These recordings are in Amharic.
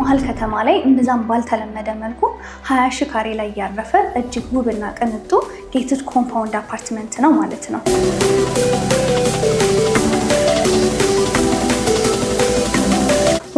መሀል ከተማ ላይ እምብዛም ባልተለመደ መልኩ ሀያ ሺ ካሬ ላይ ያረፈ እጅግ ውብና ቅንጡ ጌትድ ኮምፓውንድ አፓርትመንት ነው ማለት ነው።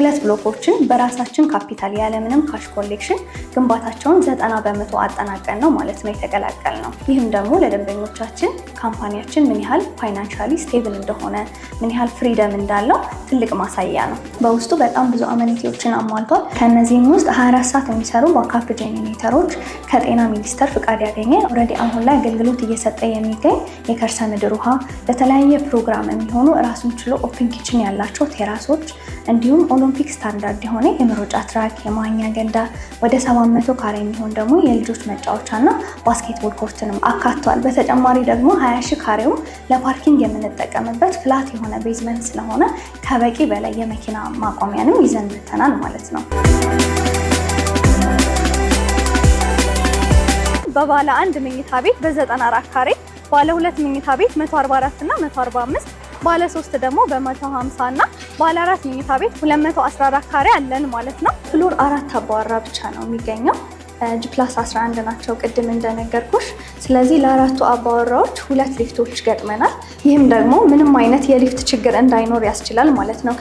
ሁለት ብሎኮችን በራሳችን ካፒታል ያለምንም ካሽ ኮሌክሽን ግንባታቸውን ዘጠና በመቶ አጠናቀን ነው ማለት ነው የተቀላቀል ነው። ይህም ደግሞ ለደንበኞቻችን ካምፓኒያችን ምን ያህል ፋይናንሻሊ ስቴብል እንደሆነ ምን ያህል ፍሪደም እንዳለው ትልቅ ማሳያ ነው። በውስጡ በጣም ብዙ አመኒቲዎችን አሟልቷል። ከእነዚህም ውስጥ 24 ሰዓት የሚሰሩ ባካፕ ጄኔሬተሮች ከጤና ሚኒስቴር ፍቃድ ያገኘ ኦልሬዲ አሁን ላይ አገልግሎት እየሰጠ የሚገኝ የከርሰ ምድር ውሃ ለተለያየ ፕሮግራም የሚሆኑ ራሱን ችሎ ኦፕን ኪችን ያላቸው ቴራሶች እንዲሁም ኦሎምፒክ ኦሎምፒክ ስታንዳርድ የሆነ የመሮጫ ትራክ፣ የመዋኛ ገንዳ፣ ወደ 700 ካሬ የሚሆን ደግሞ የልጆች መጫወቻና ባስኬትቦል ኮርትንም አካቷል። በተጨማሪ ደግሞ 20 ሺ ካሬው ለፓርኪንግ የምንጠቀምበት ፍላት የሆነ ቤዝመንት ስለሆነ ከበቂ በላይ የመኪና ማቆሚያንም ይዘን መተናል ማለት ነው። በባለ አንድ መኝታ ቤት በ94 ካሬ፣ ባለ ሁለት መኝታ ቤት 144 እና 145 ባለ ሶስት ደግሞ በ150 እና ባለ 4 መኝታ ቤት 214 ካሬ አለን ማለት ነው። ፍሎር አራት አባወራ ብቻ ነው የሚገኘው። ጂፕላስ 11 ናቸው ቅድም እንደነገርኩሽ። ስለዚህ ለአራቱ አባወራዎች ሁለት ሊፍቶች ገጥመናል። ይህም ደግሞ ምንም አይነት የሊፍት ችግር እንዳይኖር ያስችላል ማለት ነው።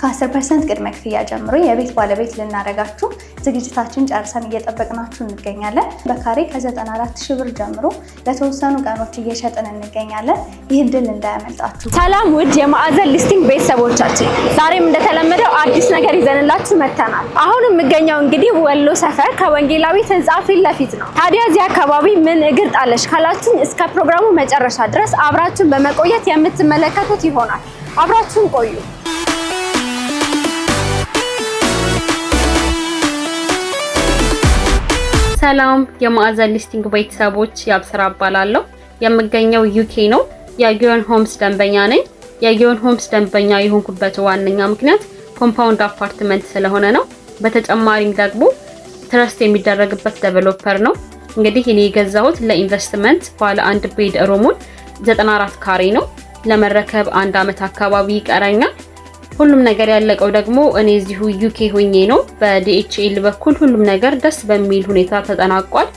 ከ10 ፐርሰንት ቅድመ ክፍያ ጀምሮ የቤት ባለቤት ልናደርጋችሁ ዝግጅታችን ጨርሰን እየጠበቅናችሁ እንገኛለን። በካሬ ከ94 ሺህ ብር ጀምሮ ለተወሰኑ ቀኖች እየሸጥን እንገኛለን። ይህ ድል እንዳያመልጣችሁ። ሰላም ውድ የማዕዘን ሊስቲንግ ቤተሰቦቻችን፣ ዛሬም እንደተለመደው አዲስ ነገር ይዘንላችሁ መተናል። አሁን የምገኘው እንግዲህ ወሎ ሰፈር ከወንጌላዊት ህንፃ ፊት ለፊት ነው። ታዲያ እዚህ አካባቢ ምን እግር ጣለሽ ካላችሁን እስከ ፕሮግራሙ መጨረሻ ድረስ አብራችሁን በመቆየት የምትመለከቱት ይሆናል። አብራችሁን ቆዩ። ሰላም የማዕዘን ሊስቲንግ ቤተሰቦች ያብስራ እባላለሁ። የምገኘው ዩኬ ነው። የጊዮን ሆምስ ደንበኛ ነኝ። የጊዮን ሆምስ ደንበኛ የሆንኩበት ዋነኛ ምክንያት ኮምፓውንድ አፓርትመንት ስለሆነ ነው። በተጨማሪም ደግሞ ትረስት የሚደረግበት ዴቨሎፐር ነው። እንግዲህ እኔ የገዛሁት ለኢንቨስትመንት ባለ አንድ ቤድ ሩሙን 94 ካሬ ነው። ለመረከብ አንድ አመት አካባቢ ይቀረኛል። ሁሉም ነገር ያለቀው ደግሞ እኔ እዚሁ ዩኬ ሆኜ ነው። በዲኤችኤል በኩል ሁሉም ነገር ደስ በሚል ሁኔታ ተጠናቋል።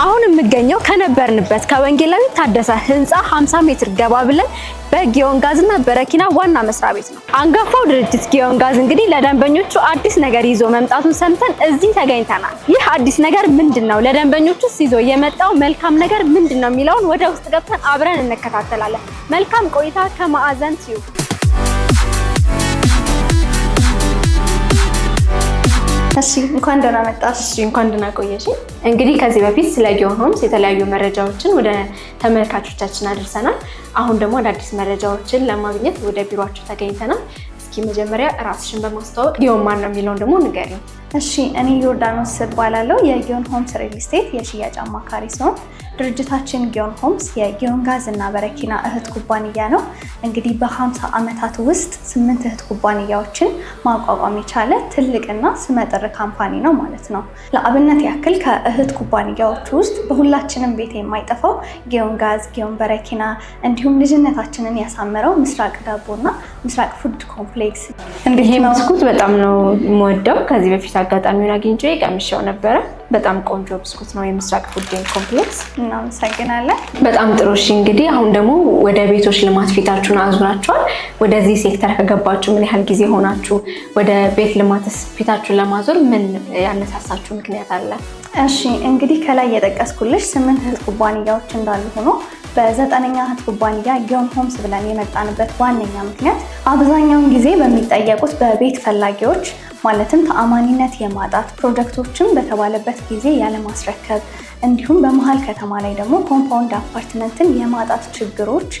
አሁን የምገኘው ከነበርንበት ከወንጌላዊ ታደሰ ህንፃ 50 ሜትር ገባ ብለን በጊዮን ጋዝና በረኪና ዋና መስሪያ ቤት ነው። አንጋፋው ድርጅት ጊዮን ጋዝ እንግዲህ ለደንበኞቹ አዲስ ነገር ይዞ መምጣቱን ሰምተን እዚህ ተገኝተናል። ይህ አዲስ ነገር ምንድን ነው? ለደንበኞቹስ ይዞ የመጣው መልካም ነገር ምንድን ነው የሚለውን ወደ ውስጥ ገብተን አብረን እንከታተላለን። መልካም ቆይታ ከማዕዘን ትዩ እሺ እንኳን ደህና መጣሽ። እሺ እንኳን ደህና ቆየሽ። እንግዲህ ከዚህ በፊት ስለ ጊዮን ሆምስ የተለያዩ መረጃዎችን ወደ ተመልካቾቻችን አድርሰናል። አሁን ደግሞ አዳዲስ መረጃዎችን ለማግኘት ወደ ቢሮአችሁ ተገኝተናል። እስኪ መጀመሪያ ራስሽን በማስተዋወቅ ጊዮን ማን ነው የሚለውን ደግሞ ንገሪው። እሺ እኔ ዮርዳኖስ እባላለሁ። የጊዮን ሆምስ ሪል ስቴት የሽያጭ አማካሪ ሲሆን ድርጅታችን ጊዮን ሆምስ የጊዮን ጋዝ እና በረኪና እህት ኩባንያ ነው። እንግዲህ በሀምሳ ዓመታት ውስጥ ስምንት እህት ኩባንያዎችን ማቋቋም የቻለ ትልቅና ስመጥር ካምፓኒ ነው ማለት ነው። ለአብነት ያክል ከእህት ኩባንያዎች ውስጥ በሁላችንም ቤት የማይጠፋው ጊዮን ጋዝ፣ ጊዮን በረኪና እንዲሁም ልጅነታችንን ያሳመረው ምስራቅ ዳቦ እና ምስራቅ ፉድ ኮምፕሌክስ። እንግዲህ ብስኩት በጣም ነው የምወደው ከዚህ በፊት አጋጣሚውን አግኝቼ ቀምሼው ነበረ። በጣም ቆንጆ ብስኩት ነው። የምስራቅ ፉድን ኮምፕሌክስ እናመሰግናለን። በጣም ጥሩ። እሺ እንግዲህ አሁን ደግሞ ወደ ቤቶች ልማት ፊታችሁን አዙራችኋል። ወደዚህ ሴክተር ከገባችሁ ምን ያህል ጊዜ ሆናችሁ? ወደ ቤት ልማትስ ፊታችሁን ለማዞር ምን ያነሳሳችሁ ምክንያት አለ? እሺ እንግዲህ ከላይ የጠቀስኩልሽ ስምንት እህት ኩባንያዎች እንዳሉ ሆኖ በዘጠነኛ እህት ኩባንያ ጊዮን ሆምስ ብለን የመጣንበት ዋነኛ ምክንያት አብዛኛውን ጊዜ በሚጠየቁት በቤት ፈላጊዎች ማለትም ተአማኒነት የማጣት ፕሮጀክቶችን በተባለበት ጊዜ ያለማስረከብ እንዲሁም በመሀል ከተማ ላይ ደግሞ ኮምፓውንድ አፓርትመንትን የማጣት ችግሮች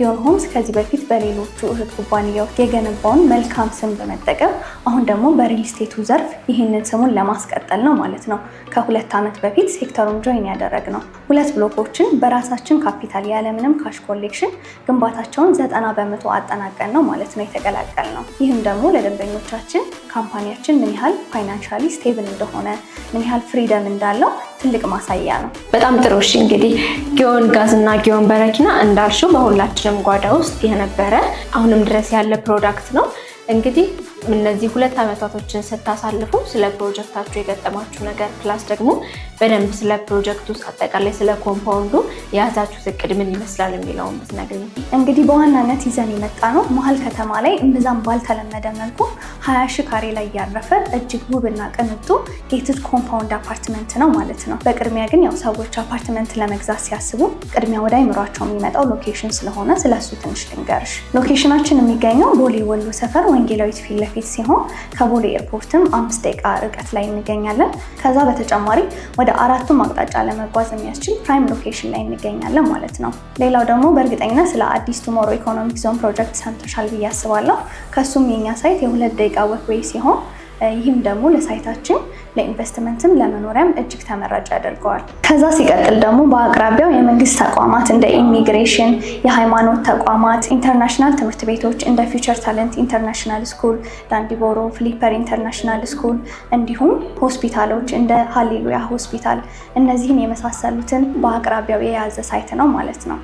ሊሆን ሆምስ ከዚህ በፊት በሌሎቹ እህት ኩባንያዎች የገነባውን መልካም ስም በመጠቀም አሁን ደግሞ በሪል ስቴቱ ዘርፍ ይህንን ስሙን ለማስቀጠል ነው ማለት ነው። ከሁለት ዓመት በፊት ሴክተሩን ጆይን ነው። ሁለት ብሎኮችን በራሳችን ካፒታል ያለምንም ካሽ ኮሌክሽን ግንባታቸውን ዘጠና በመቶ አጠናቀን ነው ማለት ነው የተቀላቀል ነው። ይህም ደግሞ ለደንበኞቻችን ካምፓኒያችን ምን ያህል ፋይናንሻሊ ስቴብል እንደሆነ ምን ያህል ፍሪደም እንዳለው ትልቅ ማሳያ ነው። በጣም ጥሩ። እሺ እንግዲህ ጊዮን ጋዝ እና ጊዮን በረኪና እንዳልሽው በሁላችንም ጓዳ ውስጥ የነበረ አሁንም ድረስ ያለ ፕሮዳክት ነው። እንግዲህ እነዚህ ሁለት ዓመታቶችን ስታሳልፉ ስለ ፕሮጀክታችሁ የገጠማችሁ ነገር ፕላስ ደግሞ በደንብ ስለ ፕሮጀክቱ አጠቃላይ ስለ ኮምፓውንዱ የያዛችሁ እቅድ ምን ይመስላል የሚለውን ብትነግሪኝ። እንግዲህ በዋናነት ይዘን የመጣ ነው መሀል ከተማ ላይ እምብዛም ባልተለመደ መልኩ ሀያ ሺ ካሬ ላይ ያረፈ እጅግ ውብና ቅንጡ ጌትድ ኮምፓውንድ አፓርትመንት ነው ማለት ነው። በቅድሚያ ግን ያው ሰዎች አፓርትመንት ለመግዛት ሲያስቡ ቅድሚያ ወደ አይምሯቸው የሚመጣው ሎኬሽን ስለሆነ ስለሱ ትንሽ ልንገርሽ። ሎኬሽናችን የሚገኘው ቦሌ ወሎ ሰፈር ወንጌላዊት ፊት ለፊት ሲሆን ከቦሌ ኤርፖርትም አምስት ደቂቃ ርቀት ላይ እንገኛለን። ከዛ በተጨማሪ ወደ አራቱም አቅጣጫ ለመጓዝ የሚያስችል ፕራይም ሎኬሽን ላይ እንገኛለን ማለት ነው። ሌላው ደግሞ በእርግጠኝነት ስለ አዲስ ቱሞሮ ኢኮኖሚክ ዞን ፕሮጀክት ሰምተሻል ብዬ አስባለሁ። ከሱም የኛ ሳይት የሁለት ደቂቃ ወክዌይ ሲሆን ይህም ደግሞ ለሳይታችን ለኢንቨስትመንትም ለመኖሪያም እጅግ ተመራጭ ያደርገዋል። ከዛ ሲቀጥል ደግሞ በአቅራቢያው የመንግስት ተቋማት እንደ ኢሚግሬሽን፣ የሃይማኖት ተቋማት፣ ኢንተርናሽናል ትምህርት ቤቶች እንደ ፊውቸር ታለንት ኢንተርናሽናል ስኩል፣ ዳንዲቦሮ ፍሊፐር ኢንተርናሽናል ስኩል እንዲሁም ሆስፒታሎች እንደ ሀሌሉያ ሆስፒታል እነዚህን የመሳሰሉትን በአቅራቢያው የያዘ ሳይት ነው ማለት ነው።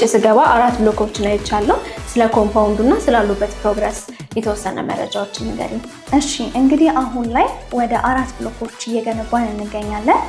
ውጭ ስገባ አራት ብሎኮችን አይቻለሁ። ስለ ኮምፓውንዱ እና ስላሉበት ፕሮግረስ የተወሰነ መረጃዎች ንገሪኝ። እሺ እንግዲህ አሁን ላይ ወደ አራት ብሎኮች እየገነባን እንገኛለን።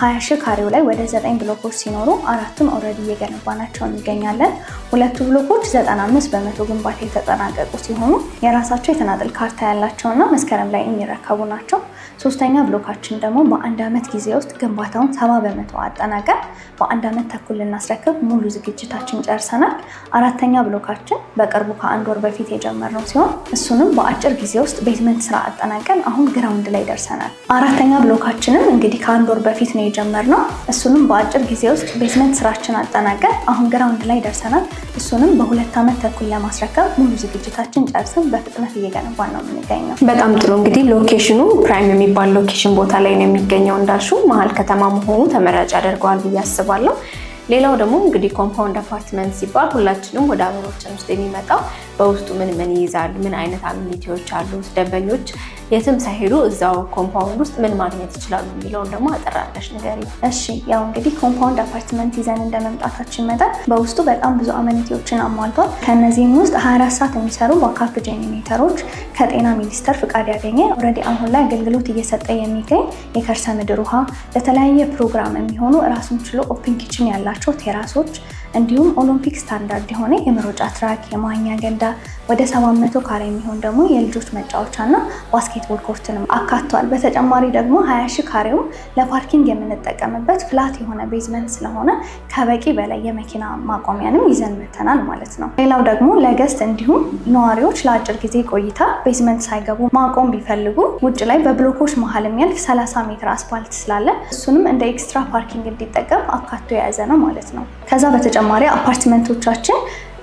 ሀያ ሺህ ካሬው ላይ ወደ ዘጠኝ ብሎኮች ሲኖሩ አራቱን ኦልሬዲ እየገነባናቸው እንገኛለን። ሁለቱ ብሎኮች ዘጠና አምስት በመቶ ግንባታ የተጠናቀቁ ሲሆኑ የራሳቸው የተናጠል ካርታ ያላቸውእና መስከረም ላይ የሚረከቡ ናቸው። ሶስተኛ ብሎካችን ደግሞ በአንድ ዓመት ጊዜ ውስጥ ግንባታውን ሰባ በመቶ አጠናቀን በአንድ ዓመት ተኩል ልናስረክብ ሙሉ ዝግጅታችን ጨርሰናል። አራተኛ ብሎካችን በቅርቡ ከአንድ ወር በፊት የጀመርነው ሲሆን ነው። እሱንም በአጭር ጊዜ ውስጥ ቤዝመንት ስራ አጠናቀን አሁን ግራውንድ ላይ ደርሰናል። አራተኛ ብሎካችንም እንግዲህ ከአንድ ወር በፊት ነው የጀመርነው። እሱንም በአጭር ጊዜ ውስጥ ቤዝመንት ስራችን አጠናቀን አሁን ግራውንድ ላይ ደርሰናል። እሱንም በሁለት ዓመት ተኩል ለማስረከብ ሙሉ ዝግጅታችን ጨርስን በፍጥነት እየገነባን ነው የምንገኘው። በጣም ጥሩ እንግዲህ ሎኬሽኑ ፕራይም የሚባል ሎኬሽን ቦታ ላይ ነው የሚገኘው። እንዳልሹ መሀል ከተማ መሆኑ ተመራጭ ያደርገዋል ብዬ አስባለሁ። ሌላው ደግሞ እንግዲህ ኮምፓውንድ አፓርትመንት ሲባል ሁላችንም ወደ አእምሯችን ውስጥ የሚመጣው በውስጡ ምን ምን ይይዛል፣ ምን አይነት አሚኒቲዎች አሉት፣ ደንበኞች የትም ሳይሄዱ እዛው ኮምፓውንድ ውስጥ ምን ማግኘት ይችላሉ የሚለውን ደግሞ አጠራለሽ ንገሪ። እሺ ያው እንግዲህ ኮምፓውንድ አፓርትመንት ይዘን እንደመምጣታችን መጠን በውስጡ በጣም ብዙ አመኒቲዎችን አሟልቷል። ከእነዚህም ውስጥ 24 ሰዓት የሚሰሩ ባካፕ ጄኔሬተሮች ከጤና ሚኒስቴር ፍቃድ ያገኘ ኦልሬዲ አሁን ላይ አገልግሎት እየሰጠ የሚገኝ የከርሰ ምድር ውሃ ለተለያየ ፕሮግራም የሚሆኑ ራሱን ችሎ ኦፕን ኪችን ያላቸው ቴራሶች እንዲሁም ኦሎምፒክ ስታንዳርድ የሆነ የመሮጫ ትራክ፣ የመዋኛ ገንዳ፣ ወደ 700 ካሬ የሚሆን ደግሞ የልጆች መጫወቻና ባስኬትቦል ኮርትንም አካቷል። በተጨማሪ ደግሞ 20 ሺ ካሬው ለፓርኪንግ የምንጠቀምበት ፍላት የሆነ ቤዝመንት ስለሆነ ከበቂ በላይ የመኪና ማቆሚያንም ይዘን መተናል ማለት ነው። ሌላው ደግሞ ለገስት እንዲሁም ነዋሪዎች ለአጭር ጊዜ ቆይታ ቤዝመንት ሳይገቡ ማቆም ቢፈልጉ ውጭ ላይ በብሎኮች መሀል የሚያልፍ 30 ሜትር አስፋልት ስላለ እሱንም እንደ ኤክስትራ ፓርኪንግ እንዲጠቀም አካቶ የያዘ ነው ማለት ነው። ከዛ በተጨማሪ አፓርትመንቶቻችን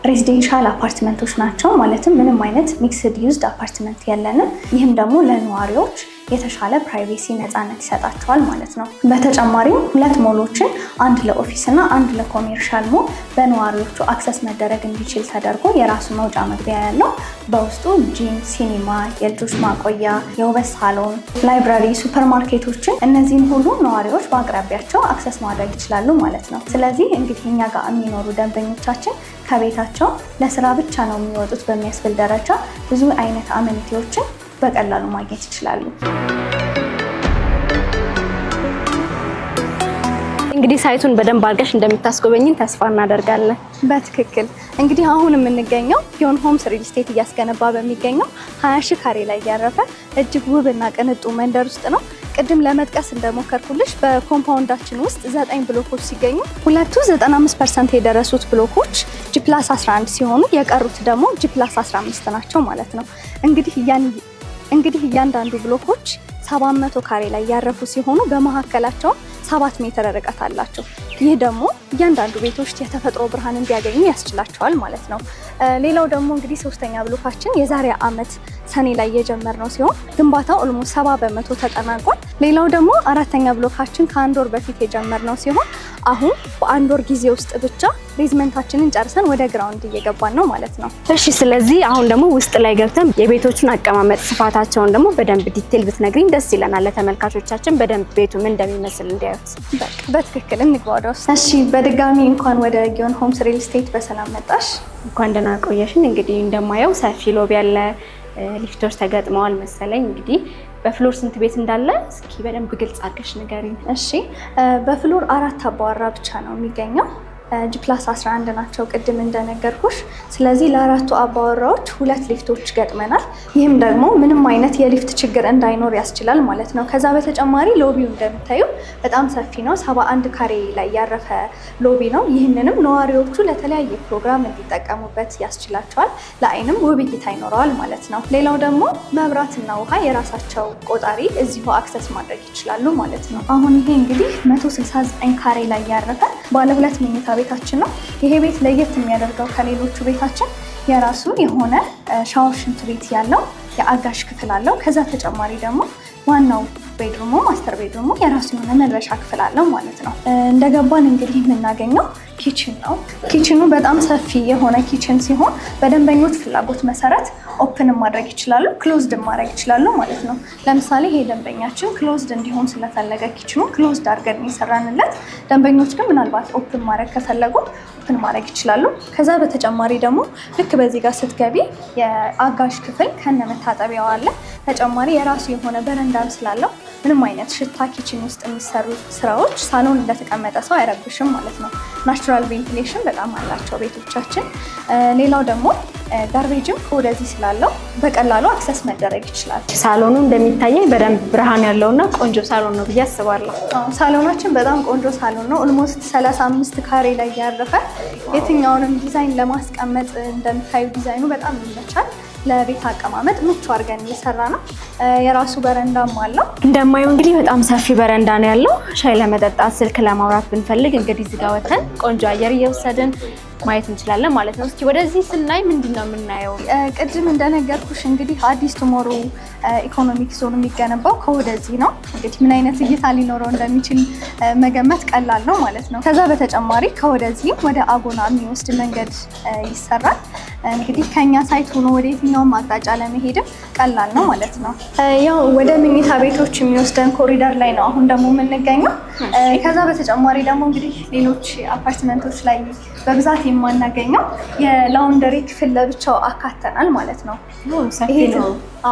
ሬዚዴንሻል አፓርትመንቶች ናቸው። ማለትም ምንም አይነት ሚክስድ ዩዝድ አፓርትመንት የለንም። ይህም ደግሞ ለነዋሪዎች የተሻለ ፕራይቬሲ ነፃነት ይሰጣቸዋል ማለት ነው። በተጨማሪም ሁለት ሞሎችን አንድ ለኦፊስ እና አንድ ለኮሜርሻል ሞል በነዋሪዎቹ አክሰስ መደረግ እንዲችል ተደርጎ የራሱ መውጫ መግቢያ ያለው በውስጡ ጂም፣ ሲኒማ፣ የልጆች ማቆያ፣ የውበት ሳሎን፣ ላይብራሪ፣ ሱፐርማርኬቶችን እነዚህም ሁሉ ነዋሪዎች በአቅራቢያቸው አክሰስ ማድረግ ይችላሉ ማለት ነው። ስለዚህ እንግዲህ እኛ ጋር የሚኖሩ ደንበኞቻችን ከቤታቸው ለስራ ብቻ ነው የሚወጡት በሚያስብል ደረጃ ብዙ አይነት አመኒቲዎችን በቀላሉ ማግኘት ይችላሉ። እንግዲህ ሳይቱን በደንብ አድርገሽ እንደምታስጎበኝን ተስፋ እናደርጋለን። በትክክል እንግዲህ አሁን የምንገኘው ዮን ሆምስ ሪል ስቴት እያስገነባ በሚገኘው ሀያ ሺህ ካሬ ላይ ያረፈ እጅግ ውብ እና ቅንጡ መንደር ውስጥ ነው። ቅድም ለመጥቀስ እንደሞከርኩልሽ በኮምፓውንዳችን ውስጥ ዘጠኝ ብሎኮች ሲገኙ ሁለቱ 95 ፐርሰንት የደረሱት ብሎኮች ጂፕላስ 11 ሲሆኑ የቀሩት ደግሞ ጂፕላስ 15 ናቸው ማለት ነው እንግዲህ እንግዲህ እያንዳንዱ ብሎኮች 700 ካሬ ላይ ያረፉ ሲሆኑ በመካከላቸውም 7 ሜትር ርቀት አላቸው። ይህ ደግሞ እያንዳንዱ ቤቶች የተፈጥሮ ብርሃን እንዲያገኙ ያስችላቸዋል ማለት ነው። ሌላው ደግሞ እንግዲህ ሶስተኛ ብሎካችን የዛሬ ዓመት ሰኔ ላይ የጀመርነው ሲሆን ግንባታው ኦልሞ ሰባ በመቶ ተጠናቋል። ሌላው ደግሞ አራተኛ ብሎካችን ከአንድ ወር በፊት የጀመርነው ሲሆን አሁን በአንድ ወር ጊዜ ውስጥ ብቻ ቤዝመንታችንን ጨርሰን ወደ ግራውንድ እየገባን ነው ማለት ነው። እሺ፣ ስለዚህ አሁን ደግሞ ውስጥ ላይ ገብተን የቤቶቹን አቀማመጥ ስፋታቸውን ደግሞ በደንብ ዲቴል ብትነግሪኝ ደስ ይለናል። ለተመልካቾቻችን በደንብ ቤቱ ምን እንደሚመስል እንዲያዩት። በቃ በትክክል እንግባ ወደ ውስጥ። እሺ፣ በድጋሚ እንኳን ወደ ጊዮን ሆምስ ሪል ስቴት በሰላም መጣሽ። እንኳን ደህና ቆየሽን። እንግዲህ እንደማየው ሰፊ ሎቢ ያለ ሊፍቶች ተገጥመዋል መሰለኝ። እንግዲህ በፍሎር ስንት ቤት እንዳለ እስኪ በደንብ ግልጽ አድርገሽ ንገሪኝ። እሺ፣ በፍሎር አራት አባዋራ ብቻ ነው የሚገኘው። ጂፕላስ 11 ናቸው ቅድም እንደነገርኩሽ። ስለዚህ ለአራቱ አባወራዎች ሁለት ሊፍቶች ገጥመናል። ይህም ደግሞ ምንም አይነት የሊፍት ችግር እንዳይኖር ያስችላል ማለት ነው። ከዛ በተጨማሪ ሎቢው እንደምታዩ በጣም ሰፊ ነው። 71 ካሬ ላይ ያረፈ ሎቢ ነው። ይህንንም ነዋሪዎቹ ለተለያየ ፕሮግራም እንዲጠቀሙበት ያስችላቸዋል። ለአይንም ውብ እይታ ይኖረዋል ማለት ነው። ሌላው ደግሞ መብራትና ውሃ የራሳቸው ቆጣሪ እዚሁ አክሰስ ማድረግ ይችላሉ ማለት ነው። አሁን ይሄ እንግዲህ 169 ካሬ ላይ ያረፈ ባለ ሁለት መኝታ ቤታችን ነው። ይሄ ቤት ለየት የሚያደርገው ከሌሎቹ ቤታችን የራሱ የሆነ ሻወር፣ ሽንት ቤት ያለው የአጋሽ ክፍል አለው። ከዛ ተጨማሪ ደግሞ ዋናው ቤድሩሙ ማስተር ቤድሩሙ የራሱ የሆነ መልበሻ ክፍል አለው ማለት ነው። እንደገባን እንግዲህ የምናገኘው ኪችን ነው። ኪችኑ በጣም ሰፊ የሆነ ኪችን ሲሆን በደንበኞች ፍላጎት መሰረት ኦፕን ማድረግ ይችላሉ፣ ክሎዝድ ማድረግ ይችላሉ ማለት ነው። ለምሳሌ ይሄ ደንበኛችን ክሎዝድ እንዲሆን ስለፈለገ ኪችኑ ክሎዝድ አድርገን የሰራንለት፣ ደንበኞች ግን ምናልባት ኦፕን ማድረግ ከፈለጉ ኦፕን ማድረግ ይችላሉ። ከዛ በተጨማሪ ደግሞ ልክ በዚህ ጋር ስትገቢ የአጋዥ ክፍል ከነ መታጠቢያው አለ። ተጨማሪ የራሱ የሆነ በረንዳም ስላለው ምንም አይነት ሽታ ኪችን ውስጥ የሚሰሩ ስራዎች ሳሎን እንደተቀመጠ ሰው አይረብሽም ማለት ነው። ናቹራል ቬንቲሌሽን በጣም አላቸው ቤቶቻችን። ሌላው ደግሞ ጋርቤጅም ከወደዚህ ስላለው በቀላሉ አክሰስ መደረግ ይችላል። ሳሎኑ እንደሚታየኝ በደንብ ብርሃን ያለውና ቆንጆ ሳሎን ነው ብዬ አስባለሁ። ሳሎናችን በጣም ቆንጆ ሳሎን ነው። ኦልሞስት 35 ካሬ ላይ ያረፈ የትኛውንም ዲዛይን ለማስቀመጥ እንደምታዩ ዲዛይኑ በጣም ይመቻል። ለቤት አቀማመጥ ምቹ አድርገን እየሰራ ነው። የራሱ በረንዳም አለው። እንደማየው እንግዲህ በጣም ሰፊ በረንዳ ነው ያለው። ሻይ ለመጠጣት ስልክ ለማውራት ብንፈልግ እንግዲህ እዚጋ ወተን ቆንጆ አየር እየወሰድን ማየት እንችላለን ማለት ነው። እስኪ ወደዚህ ስናይ ምንድን ነው የምናየው? ቅድም እንደነገርኩሽ እንግዲህ አዲስ ቱሞሮ ኢኮኖሚክ ዞን የሚገነባው ከወደዚህ ነው። እንግዲህ ምን አይነት እይታ ሊኖረው እንደሚችል መገመት ቀላል ነው ማለት ነው። ከዛ በተጨማሪ ከወደዚህም ወደ አጎና የሚወስድ መንገድ ይሰራል። እንግዲህ ከኛ ሳይት ሆኖ ወደ የትኛውም አቅጣጫ ለመሄድም ቀላል ነው ማለት ነው። ያው ወደ መኝታ ቤቶች የሚወስደን ኮሪደር ላይ ነው አሁን ደግሞ የምንገኘው። ከዛ በተጨማሪ ደግሞ እንግዲህ ሌሎች አፓርትመንቶች ላይ በብዛት የማናገኘው የላውንደሪ ክፍል ለብቻው አካተናል ማለት ነው። ይሄ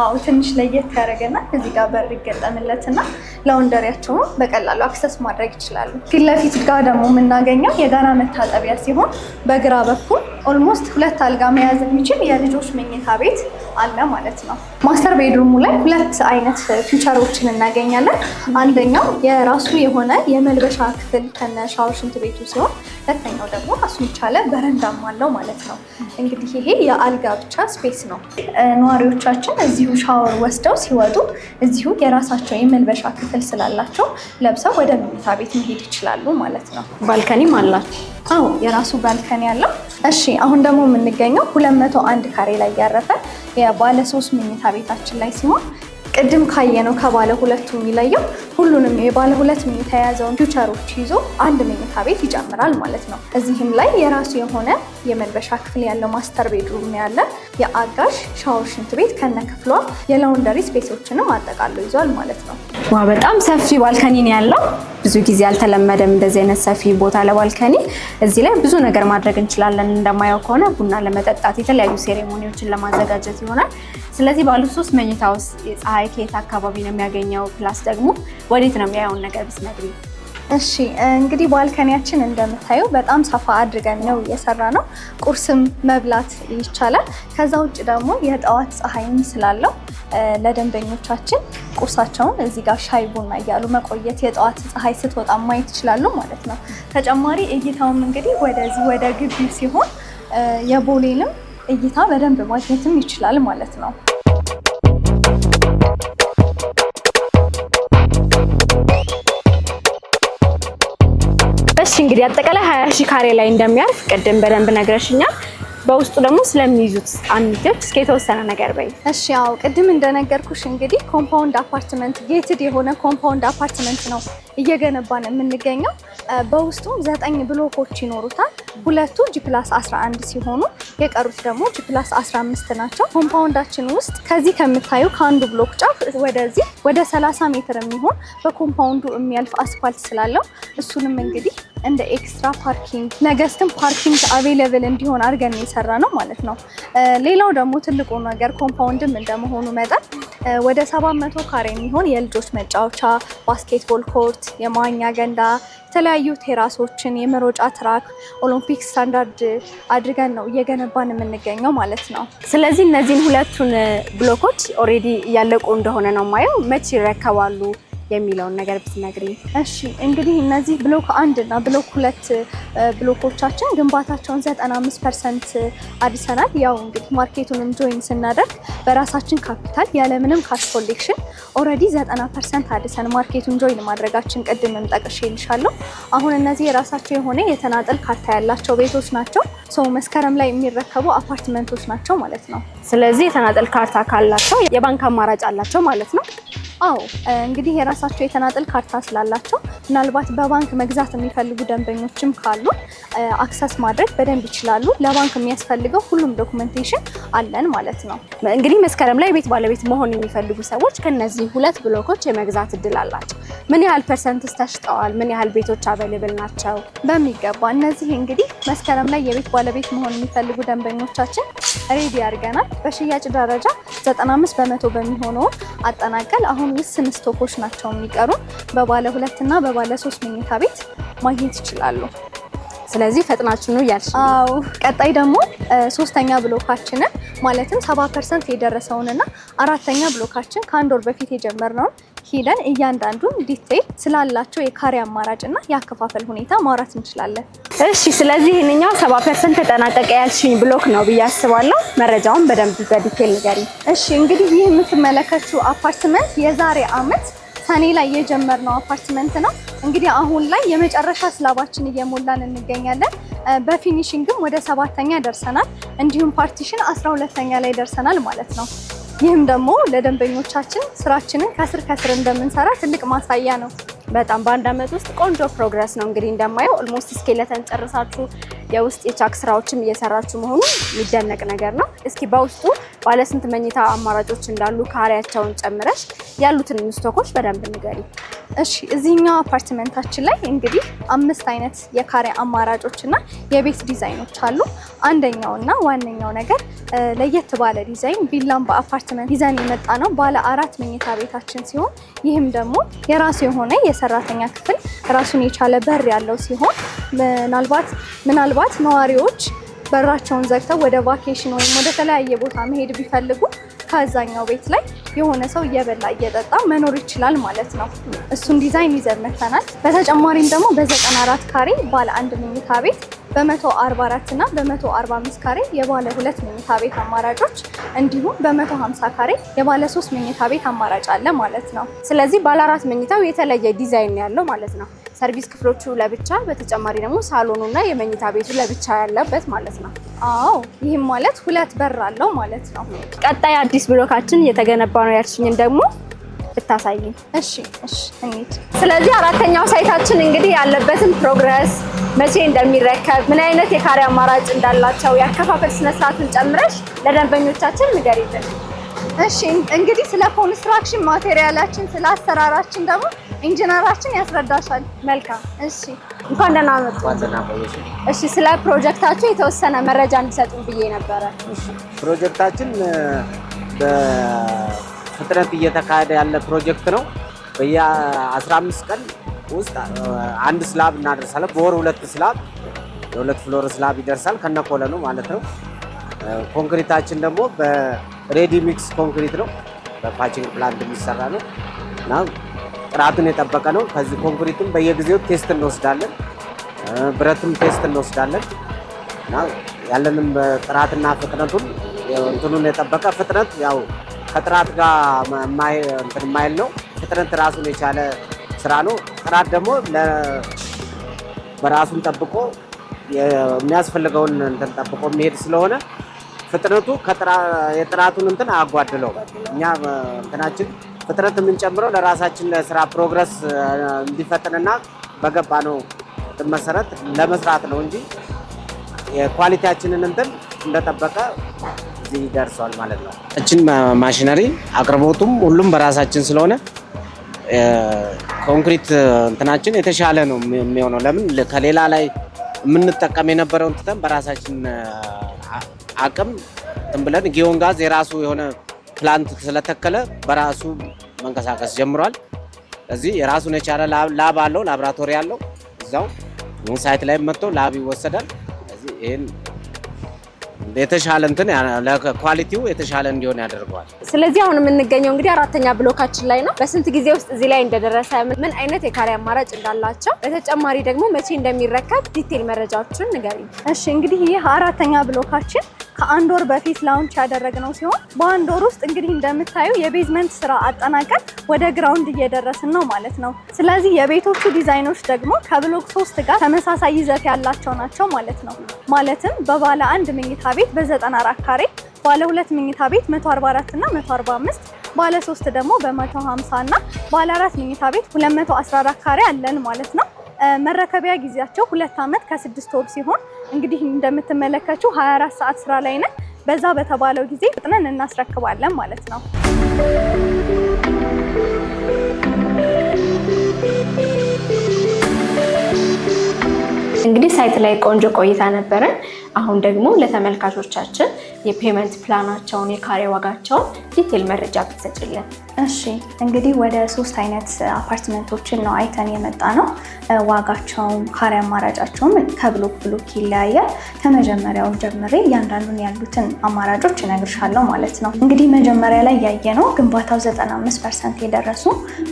አዎ ትንሽ ለየት ያደረገና ከዚህ ጋር በር ይገጠምለትና ላውንደሪያቸውን በቀላሉ አክሰስ ማድረግ ይችላሉ። ፊት ለፊት ጋር ደግሞ የምናገኘው የጋራ መታጠቢያ ሲሆን በግራ በኩል ኦልሞስት ሁለት አልጋ መያዝ የሚችል የልጆች መኝታ ቤት አለ ማለት ነው። ማስተር ቤድሩሙ ላይ ሁለት አይነት ፊቸሮችን እናገኛለን። አንደኛው የራሱ የሆነ የመልበሻ ክፍል ከነ ሻወር ሽንት ቤቱ ሲሆን ሁለተኛው ደግሞ ራሱን የቻለ በረንዳም አለው ማለት ነው። እንግዲህ ይሄ የአልጋ ብቻ ስፔስ ነው። ነዋሪዎቻችን እዚሁ ሻወር ወስደው ሲወጡ እዚሁ የራሳቸው የመልበሻ ክፍል ስላላቸው ለብሰው ወደ መኝታ ቤት መሄድ ይችላሉ ማለት ነው። ባልከኒም አላቸው። አዎ የራሱ ባልከኒ አለው። እሺ አሁን ደግሞ የምንገኘው 201 ካሬ ላይ ያረፈ የባለ ሶስት መኝታ ቤታችን ላይ ሲሆን ቅድም ካየነው ከባለ ሁለቱ የሚለየው ሁሉንም የባለ ሁለት መኝታ የያዘውን ፊውቸሮች ይዞ አንድ መኝታ ቤት ይጨምራል ማለት ነው። እዚህም ላይ የራሱ የሆነ የመልበሻ ክፍል ያለው ማስተር ቤድሩም ያለ የአጋሽ ሻወር፣ ሽንት ቤት ከነ ክፍሏ የላውንደሪ ስፔሶችንም አጠቃሎ ይዟል ማለት ነው። ዋ በጣም ሰፊ ባልከኒን ያለው ብዙ ጊዜ አልተለመደም እንደዚህ አይነት ሰፊ ቦታ ለባልከኒ። እዚህ ላይ ብዙ ነገር ማድረግ እንችላለን። እንደማየው ከሆነ ቡና ለመጠጣት የተለያዩ ሴሬሞኒዎችን ለማዘጋጀት ይሆናል። ስለዚህ ባለ ሶስት መኝታ ውስጥ ላይ ከየት አካባቢ ነው የሚያገኘው? ፕላስ ደግሞ ወዴት ነው የሚያየውን ነገር ብትነግሪ። እሺ እንግዲህ ባልከኒያችን እንደምታየው በጣም ሰፋ አድርገን ነው እየሰራ ነው። ቁርስም መብላት ይቻላል። ከዛ ውጭ ደግሞ የጠዋት ፀሐይም ስላለው ለደንበኞቻችን ቁርሳቸውን እዚህ ጋር ሻይ ቡና እያሉ መቆየት የጠዋት ፀሐይ ስትወጣ ማየት ይችላሉ ማለት ነው። ተጨማሪ እይታውም እንግዲህ ወደዚህ ወደ ግቢ ሲሆን የቦሌንም እይታ በደንብ ማግኘትም ይችላል ማለት ነው። እሺ እንግዲህ አጠቃላይ 20 ሺህ ካሬ ላይ እንደሚያርፍ ቅድም በደንብ ነግረሽኛል። በውስጡ ደግሞ ስለሚይዙት አንዲዎች እስከ የተወሰነ ነገር በይ። እሺ ያው ቅድም እንደነገርኩሽ እንግዲህ ኮምፓውንድ አፓርትመንት ጌትድ የሆነ ኮምፓውንድ አፓርትመንት ነው እየገነባን የምንገኘው። በውስጡም ዘጠኝ ብሎኮች ይኖሩታል። ሁለቱ ጂፕላስ 11 ሲሆኑ የቀሩት ደግሞ ጂፕላስ 15 ናቸው። ኮምፓውንዳችን ውስጥ ከዚህ ከምታዩ ከአንዱ ብሎክ ጫፍ ወደዚህ ወደ 30 ሜትር የሚሆን በኮምፓውንዱ የሚያልፍ አስፋልት ስላለው እሱንም እንግዲህ እንደ ኤክስትራ ፓርኪንግ ነገስትም ፓርኪንግ አቬለብል እንዲሆን አድርገን የሰራ ነው ማለት ነው። ሌላው ደግሞ ትልቁ ነገር ኮምፓውንድም እንደመሆኑ መጠን ወደ 700 ካሬ የሚሆን የልጆች መጫወቻ፣ ባስኬትቦል ኮርት፣ የመዋኛ ገንዳ፣ የተለያዩ ቴራሶችን፣ የመሮጫ ትራክ ኦሎምፒክ ስታንዳርድ አድርገን ነው እየገነባን የምንገኘው ማለት ነው። ስለዚህ እነዚህን ሁለቱን ብሎኮች ኦልሬዲ እያለቁ እንደሆነ ነው ማየው። መቼ ይረከባሉ? የሚለውን ነገር ብትነግሪ። እሺ እንግዲህ እነዚህ ብሎክ አንድ እና ብሎክ ሁለት ብሎኮቻችን ግንባታቸውን 95 ፐርሰንት አድሰናል። ያው እንግዲህ ማርኬቱንም ጆይን ስናደርግ በራሳችን ካፒታል ያለምንም ካሽ ኮሌክሽን ኦልሬዲ 90 ፐርሰንት አድሰን ማርኬቱን ጆይን ማድረጋችን ቅድም ጠቅሼ ይልሻለሁ። አሁን እነዚህ የራሳቸው የሆነ የተናጠል ካርታ ያላቸው ቤቶች ናቸው። ሰው መስከረም ላይ የሚረከቡ አፓርትመንቶች ናቸው ማለት ነው። ስለዚህ የተናጠል ካርታ ካላቸው የባንክ አማራጭ አላቸው ማለት ነው። አዎ እንግዲህ የራሳቸው የተናጠል ካርታ ስላላቸው ምናልባት በባንክ መግዛት የሚፈልጉ ደንበኞችም ካሉ አክሰስ ማድረግ በደንብ ይችላሉ። ለባንክ የሚያስፈልገው ሁሉም ዶኩመንቴሽን አለን ማለት ነው። እንግዲህ መስከረም ላይ ቤት ባለቤት መሆን የሚፈልጉ ሰዎች ከነዚህ ሁለት ብሎኮች የመግዛት እድል አላቸው። ምን ያህል ፐርሰንትስ ተሽጠዋል? ምን ያህል ቤቶች አቬሌብል ናቸው? በሚገባ እነዚህ እንግዲህ መስከረም ላይ የቤት ባለቤት መሆን የሚፈልጉ ደንበኞቻችን ሬዲ አድርገናል። በሽያጭ ደረጃ 95 በመቶ በሚሆነውን አጠናቀል አሁን ውስን ስቶኮች ናቸው የሚቀሩ። በባለ ሁለት እና በባለ ሶስት መኝታ ቤት ማግኘት ይችላሉ። ስለዚህ ፈጥናችሁ ነው እያልሽ። አዎ። ቀጣይ ደግሞ ሶስተኛ ብሎካችንን ማለትም ሰባ ፐርሰንት የደረሰውንና አራተኛ ብሎካችን ከአንድ ወር በፊት የጀመርነውን ሄደን እያንዳንዱን ዲቴል ስላላቸው የካሬ አማራጭ እና የአከፋፈል ሁኔታ ማውራት እንችላለን። እሺ፣ ስለዚህ ይህንኛው ሰባ ፐርሰንት ተጠናቀቀ ያልሽኝ ብሎክ ነው ብዬ አስባለሁ። መረጃውን በደንብ በዲቴል ንገሪኝ። እሺ፣ እንግዲህ ይህ የምትመለከችው አፓርትመንት የዛሬ አመት ሰኔ ላይ የጀመርነው አፓርትመንት ነው። እንግዲህ አሁን ላይ የመጨረሻ ስላባችን እየሞላን እንገኛለን። በፊኒሽንግም ወደ ሰባተኛ ደርሰናል። እንዲሁም ፓርቲሽን አስራ ሁለተኛ ላይ ደርሰናል ማለት ነው። ይህም ደግሞ ለደንበኞቻችን ስራችንን ከስር ከስር እንደምንሰራ ትልቅ ማሳያ ነው። በጣም በአንድ አመት ውስጥ ቆንጆ ፕሮግረስ ነው እንግዲህ እንደማየው ኦልሞስት እስኬለተን ጨርሳችሁ የውስጥ የቻክ ስራዎችም እየሰራችሁ መሆኑን የሚደነቅ ነገር ነው። እስኪ በውስጡ ባለስንት መኝታ አማራጮች እንዳሉ ካሬያቸውን ጨምረሽ ያሉትን ስቶኮች በደንብ ንገሪ። እሺ እዚህኛው አፓርትመንታችን ላይ እንግዲህ አምስት አይነት የካሬ አማራጮች እና የቤት ዲዛይኖች አሉ። አንደኛው እና ዋነኛው ነገር ለየት ባለ ዲዛይን ቢላም በአፓርትመንት ዲዛይን የመጣ ነው ባለ አራት መኝታ ቤታችን ሲሆን ይህም ደግሞ የራሱ የሆነ የሰራተኛ ክፍል ራሱን የቻለ በር ያለው ሲሆን ምናልባት ምናልባት ነዋሪዎች በራቸውን ዘግተው ወደ ቫኬሽን ወይም ወደ ተለያየ ቦታ መሄድ ቢፈልጉ ከዛኛው ቤት ላይ የሆነ ሰው እየበላ እየጠጣ መኖር ይችላል ማለት ነው። እሱን ዲዛይን ይዘን በተጨማሪም ደግሞ በዘጠና አራት ካሬ ባለ አንድ መኝታ ቤት በ144 እና በ145 ካሬ የባለ ሁለት መኝታ ቤት አማራጮች እንዲሁም በ150 ካሬ የባለ ሶስት መኝታ ቤት አማራጭ አለ ማለት ነው። ስለዚህ ባለ አራት መኝታው የተለየ ዲዛይን ያለው ማለት ነው። ሰርቪስ ክፍሎቹ ለብቻ፣ በተጨማሪ ደግሞ ሳሎኑ እና የመኝታ ቤቱ ለብቻ ያለበት ማለት ነው። አዎ ይህም ማለት ሁለት በር አለው ማለት ነው። ቀጣይ አዲስ ብሎካችን እየተገነባ ነው ያልሽኝን ደግሞ ብታሳይኝ። እሺ እሺ እንሂድ። ስለዚህ አራተኛው ሳይታችን እንግዲህ ያለበትን ፕሮግረስ መቼ እንደሚረከብ፣ ምን አይነት የካሬ አማራጭ እንዳላቸው የአከፋፈል ስነስርዓትን ጨምረሽ ለደንበኞቻችን ንገሪልን። እሺ እንግዲህ ስለ ኮንስትራክሽን ማቴሪያላችን ስለ አሰራራችን ደግሞ ኢንጂነራችን ያስረዳሻል። መልካም እሺ፣ እንኳን ደህና መጡ። እሺ፣ ስለ ፕሮጀክታችሁ የተወሰነ መረጃ እንዲሰጡን ብዬ ነበረ። ፕሮጀክታችን በፍጥነት እየተካሄደ ያለ ፕሮጀክት ነው። በየ15 ቀን ውስጥ አንድ ስላብ እናደርሳለን። በወር ሁለት ስላብ የሁለት ፍሎር ስላብ ይደርሳል ከነኮለኑ ማለት ነው። ኮንክሪታችን ደግሞ በሬዲ ሚክስ ኮንክሪት ነው። በፓችንግ ፕላንት የሚሰራ ነው እና ጥራቱን የጠበቀ ነው። ከዚህ ኮንክሪቱም በየጊዜው ቴስት እንወስዳለን፣ ብረቱም ቴስት እንወስዳለን እና ያለንም ጥራትና ፍጥነቱን እንትኑን የጠበቀ ፍጥነት ያው ከጥራት ጋር የማይል ነው። ፍጥነት ራሱን የቻለ ስራ ነው። ጥራት ደግሞ በራሱን ጠብቆ የሚያስፈልገውን እንትን ጠብቆ የሚሄድ ስለሆነ ፍጥነቱ የጥራቱን እንትን አያጓድለውም። እኛ እንትናችን ፍጥነት የምንጨምረው ለራሳችን ለስራ ፕሮግረስ እንዲፈጥንና በገባ ነው መሰረት ለመስራት ነው እንጂ የኳሊቲያችንን እንትን እንደጠበቀ እዚህ ደርሰዋል ማለት ነው። እችን ማሽነሪ አቅርቦቱም ሁሉም በራሳችን ስለሆነ ኮንክሪት እንትናችን የተሻለ ነው የሚሆነው። ለምን ከሌላ ላይ የምንጠቀም የነበረውን ትተን በራሳችን አቅም እንትን ብለን ጊዮን ጋዝ የራሱ የሆነ ፕላንት ስለተከለ በራሱ መንቀሳቀስ ጀምሯል። እዚህ የራሱን የቻለ ላብ አለው፣ ላብራቶሪ አለው። እዛው ሳይት ላይ መጥቶ ላብ ይወሰዳል። ይህን የተሻለ እንትን ኳሊቲው የተሻለ እንዲሆን ያደርገዋል። ስለዚህ አሁን የምንገኘው እንግዲህ አራተኛ ብሎካችን ላይ ነው። በስንት ጊዜ ውስጥ እዚህ ላይ እንደደረሰ ምን አይነት የካሬ አማራጭ እንዳላቸው፣ በተጨማሪ ደግሞ መቼ እንደሚረከብ ዲቴል መረጃዎችን ንገሪ። እሺ እንግዲህ ይህ አራተኛ ብሎካችን ከአንድ ወር በፊት ላውንች ያደረግነው ሲሆን በአንድ ወር ውስጥ እንግዲህ እንደምታዩ የቤዝመንት ስራ አጠናቀን ወደ ግራውንድ እየደረስን ነው ማለት ነው። ስለዚህ የቤቶቹ ዲዛይኖች ደግሞ ከብሎክ ሶስት ጋር ተመሳሳይ ይዘት ያላቸው ናቸው ማለት ነው። ማለትም በባለ አንድ መኝታ ቤት በ94 ካሬ፣ ባለ ሁለት መኝታ ቤት 144 እና 145 ባለ ሶስት ደግሞ በ150 እና ባለ 4 መኝታ ቤት 214 ካሬ አለን ማለት ነው። መረከቢያ ጊዜያቸው ሁለት ዓመት ከስድስት ወር ሲሆን እንግዲህ እንደምትመለከችው 24 ሰዓት ስራ ላይ ነን። በዛ በተባለው ጊዜ ፍጥነን እናስረክባለን ማለት ነው። እንግዲህ ሳይት ላይ ቆንጆ ቆይታ ነበረን። አሁን ደግሞ ለተመልካቾቻችን የፔመንት ፕላናቸውን፣ የካሬ ዋጋቸውን ዲቴል መረጃ ብትሰጭልን። እሺ እንግዲህ ወደ ሶስት አይነት አፓርትመንቶችን ነው አይተን የመጣ ነው። ዋጋቸውም ካሬ አማራጫቸውም ከብሎክ ብሎክ ይለያያል። ከመጀመሪያው ጀምሬ እያንዳንዱን ያሉትን አማራጮች እነግርሻለሁ ማለት ነው። እንግዲህ መጀመሪያ ላይ ያየ ነው ግንባታው 95 ፐርሰንት የደረሱ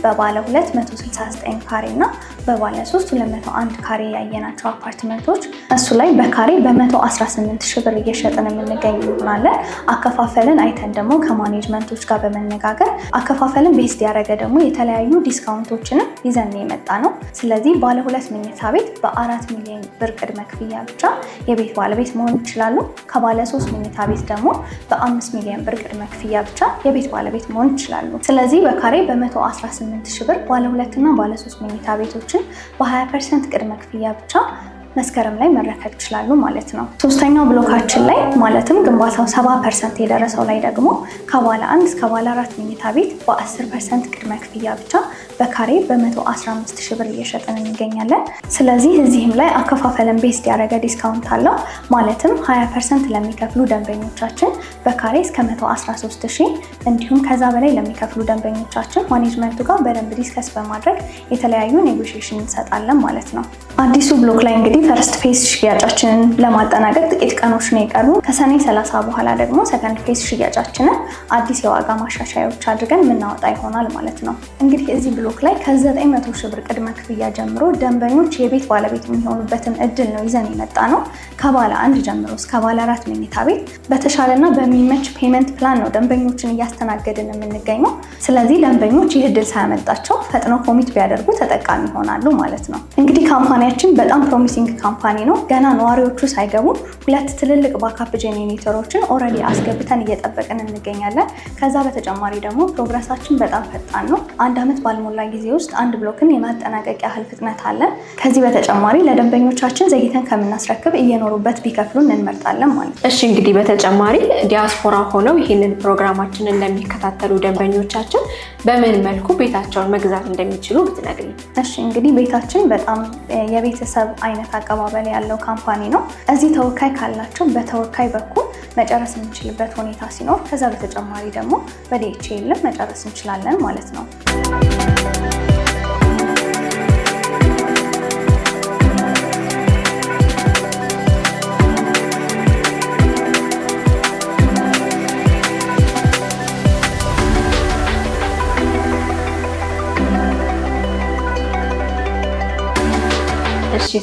በባለ 269 ካሬ እና በባለ 3 201 ካሬ ያየናቸው አፓርትመንቶች እሱ ላይ በካሬ በ118 ሺህ ብር እየሸጥን የምንገኝ እናለን። አከፋፈልን አይተን ደግሞ ከማኔጅመንቶች ጋር በመነጋገር አከፋፈልን ቤስድ ያደረገ ደግሞ የተለያዩ ዲስካውንቶችንም ይዘን የመጣ ነው። ስለዚህ ባለ ሁለት መኝታ ቤት በአራት ሚሊዮን ብር ቅድመ ክፍያ ብቻ የቤት ባለቤት መሆን ይችላሉ። ከባለ ሶስት መኝታ ቤት ደግሞ በአምስት ሚሊዮን ብር ቅድመ ክፍያ ብቻ የቤት ባለቤት መሆን ይችላሉ። ስለዚህ በካሬ በ118 ሺ ብር ባለ ሁለትና ባለ ሶስት መኝታ ቤቶችን በ20 ፐርሰንት ቅድመ ክፍያ ብቻ መስከረም ላይ መረከብ ይችላሉ ማለት ነው። ሶስተኛው ብሎካችን ላይ ማለትም ግንባታው ሰባ ፐርሰንት የደረሰው ላይ ደግሞ ከባለ አንድ እስከ ባለ አራት መኝታ ቤት በ10 ፐርሰንት ቅድመ ክፍያ ብቻ በካሬ በ115 ሺህ ብር እየሸጥን እንገኛለን። ስለዚህ እዚህም ላይ አከፋፈለን ቤስድ ያደረገ ዲስካውንት አለው። ማለትም 20 ፐርሰንት ለሚከፍሉ ደንበኞቻችን በካሬ እስከ 113 ሺህ እንዲሁም ከዛ በላይ ለሚከፍሉ ደንበኞቻችን ማኔጅመንቱ ጋር በደንብ ዲስከስ በማድረግ የተለያዩ ኔጎሽሽን እንሰጣለን ማለት ነው። አዲሱ ብሎክ ላይ እንግዲህ ፈርስት ፌስ ሽያጫችንን ለማጠናቀቅ ጥቂት ቀኖች ነው የቀሩ። ከሰኔ 30 በኋላ ደግሞ ሰከንድ ፌስ ሽያጫችንን አዲስ የዋጋ ማሻሻያዎች አድርገን የምናወጣ ይሆናል ማለት ነው። እንግዲህ እዚህ ብሎክ ላይ ከ900 ሺህ ብር ቅድመ ክፍያ ጀምሮ ደንበኞች የቤት ባለቤት የሚሆኑበትን እድል ነው ይዘን የመጣ ነው። ከባለ አንድ ጀምሮ እስከ ባለ አራት መኝታ ቤት በተሻለና በሚመች ፔመንት ፕላን ነው ደንበኞችን እያስተናገድን የምንገኘው። ስለዚህ ደንበኞች ይህ እድል ሳያመልጣቸው ፈጥነው ኮሚት ቢያደርጉ ተጠቃሚ ይሆናሉ ማለት ነው። እንግዲህ ካምፓኒያችን በጣም ፕሮሚሲንግ ካምፓኒ ነው። ገና ነዋሪዎቹ ሳይገቡ ሁለት ትልልቅ ባካፕ ጄኔሬተሮችን ኦልሬዲ አስገብተን እየጠበቅን እንገኛለን። ከዛ በተጨማሪ ደግሞ ፕሮግረሳችን በጣም ፈጣን ነው። አንድ ዓመት ባልሞላ ጊዜ ውስጥ አንድ ብሎክን የማጠናቀቅ ያህል ፍጥነት አለን። ከዚህ በተጨማሪ ለደንበኞቻችን ዘግይተን ከምናስረክብ እየኖሩበት ቢከፍሉ እንመርጣለን ማለት ነው። እሺ እንግዲህ በተጨማሪ ዲያስፖራ ሆነው ይህንን ፕሮግራማችንን ለሚከታተሉ ደንበኞቻችን በምን መልኩ ቤታቸውን መግዛት እንደሚችሉ ብትነግሪኝ። እሺ እንግዲህ ቤታችን በጣም የቤተሰብ አይነት አቀባበል ያለው ካምፓኒ ነው። እዚህ ተወካይ ካላቸው በተወካይ በኩል መጨረስ የምንችልበት ሁኔታ ሲኖር፣ ከዛ በተጨማሪ ደግሞ በዲኤችኤልም መጨረስ እንችላለን ማለት ነው።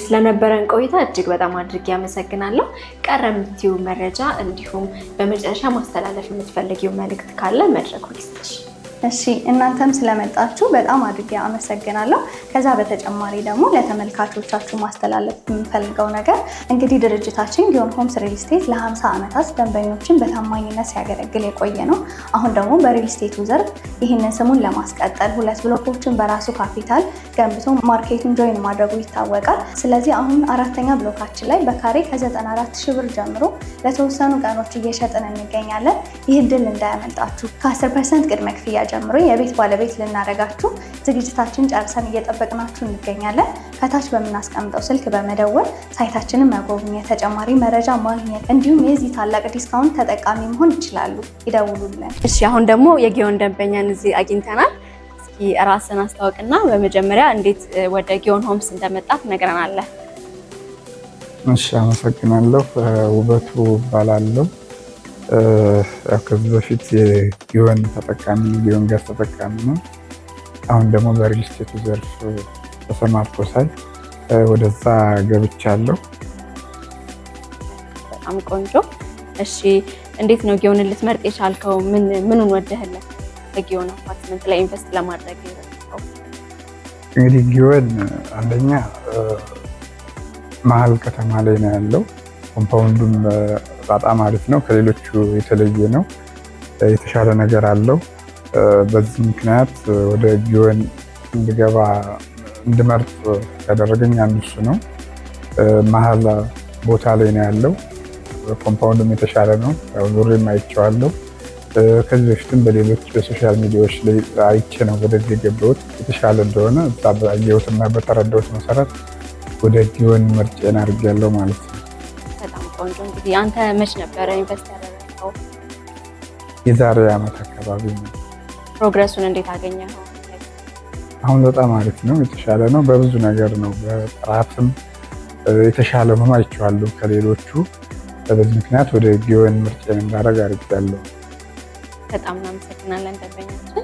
ስለነበረን ቆይታ እጅግ በጣም አድርጌ ያመሰግናለሁ። ቀረምቲው መረጃ እንዲሁም በመጨረሻ ማስተላለፍ የምትፈልጊው መልእክት ካለ መድረኩ እሺ እናንተም ስለመጣችሁ በጣም አድርጌ አመሰግናለሁ። ከዛ በተጨማሪ ደግሞ ለተመልካቾቻችሁ ማስተላለፍ የምፈልገው ነገር እንግዲህ ድርጅታችን ጊዮን ሆምስ ሪል ስቴት ለ50 ዓመታት ደንበኞችን በታማኝነት ሲያገለግል የቆየ ነው። አሁን ደግሞ በሪል ስቴቱ ዘርፍ ይህንን ስሙን ለማስቀጠል ሁለት ብሎኮችን በራሱ ካፒታል ገንብቶ ማርኬቱን ጆይን ማድረጉ ይታወቃል። ስለዚህ አሁን አራተኛ ብሎካችን ላይ በካሬ ከ94 ሺህ ብር ጀምሮ ለተወሰኑ ቀኖች እየሸጥን እንገኛለን። ይህ ድል እንዳያመልጣችሁ ከ10 ፐርሰንት ቅድመ ክፍያ ጨምሮ የቤት ባለቤት ልናደርጋችሁ ዝግጅታችን ጨርሰን እየጠበቅናችሁ እንገኛለን። ከታች በምናስቀምጠው ስልክ በመደወል ሳይታችንን መጎብኘት፣ ተጨማሪ መረጃ ማግኘት እንዲሁም የዚህ ታላቅ ዲስካውንት ተጠቃሚ መሆን ይችላሉ። ይደውሉልን። እሺ፣ አሁን ደግሞ የጊዮን ደንበኛን እዚህ አግኝተናል። እስኪ ራስን አስታወቅና በመጀመሪያ እንዴት ወደ ጊዮን ሆምስ እንደመጣት ነግረናለን። እሺ፣ አመሰግናለሁ። ውበቱ እባላለሁ ከዚህ በፊት የጊዮን ተጠቃሚ ጊዮን ጋር ተጠቃሚ ነው። አሁን ደግሞ በሪልስቴቱ ዘርፍ ተሰማርቶ ሳይ ወደዛ ገብቻለሁ። በጣም ቆንጆ። እሺ፣ እንዴት ነው ጊዮንን ልትመርጥ የቻልከው? ምን ምኑን ወደህለት በጊዮን አፓርትመንት ላይ ኢንቨስት ለማድረግ? እንግዲህ ጊዮን አንደኛ መሀል ከተማ ላይ ነው ያለው ኮምፓውንዱም ጣጣ ማለት ነው። ከሌሎቹ የተለየ ነው፣ የተሻለ ነገር አለው። በዚህ ምክንያት ወደ ጊዮን እንድገባ እንድመርጥ ያደረገኝ አንዱ እሱ ነው። መሀል ቦታ ላይ ነው ያለው። ኮምፓውንድም የተሻለ ነው። ዙሬም አይቼዋለሁ። ከዚህ በፊትም በሌሎች በሶሻል ሚዲያዎች ላይ አይቼ ነው ወደዚህ የገባሁት። የተሻለ እንደሆነ ባየሁትና በተረዳሁት መሰረት ወደ ጊዮን ምርጫዬን አድርጌያለሁ ማለት ነው። ቆንጆ። እንግዲህ አንተ መች ነበረ ኢንቨስት የዛሬ ዓመት አካባቢ ነው። ፕሮግረሱን እንዴት አገኘኸው? አሁን በጣም አሪፍ ነው፣ የተሻለ ነው። በብዙ ነገር ነው፣ በጥራትም የተሻለ ሆኖ አይቼዋለሁ ከሌሎቹ። በዚህ ምክንያት ወደ ጊዮን ምርጫ እንዳደረግ አድርጌያለሁ። በጣም እናመሰግናለን ደንበኛችን።